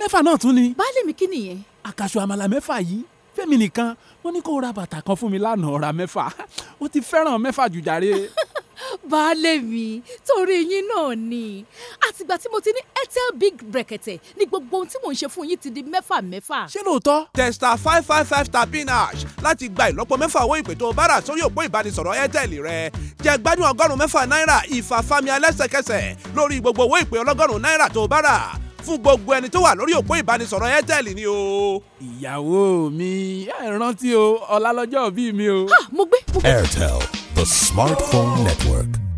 mẹ́fà náà tún ni. baálé mi kí nìyẹn. àkàṣọ àmàlà mẹ́fà yìí fẹ́mi nìkan wọ́n ní kó ra bàtà kan fún mi lánàá ra mẹ́fà ó ti fẹ́ràn mẹ́fà jù baálé mi torí yín náà ni àtìgbà tí mo ti ní airtel big brẹ̀kẹ̀tẹ̀ ni gbogbo ohun tí mò ń ṣe fún yín ti di mẹ́fà mẹ́fà. ṣé lóòótọ́. testa five five five star ash. hash láti gba ìlọ́po mẹ́fà owó ìpè tó o bá rà sórí òpó ìbánisọ̀rọ̀ airtel rẹ jẹ gbádùn ọgọ́rùn-ún mẹ́fà náírà ìfàfàmì alẹ́sẹ̀kẹsẹ̀ lórí gbogbo owó ìpè ọlọ́gọ́rùn-ún náírà tó o bá rà fún gbogbo ẹni tó wà lórí òpó ìbánisọ̀rọ̀ airtel ni o. ìyàwó mi ẹ o ọ̀la lọ́jọ́ bíi mi o. mo gbé mo gbé. airtel the smartphone network.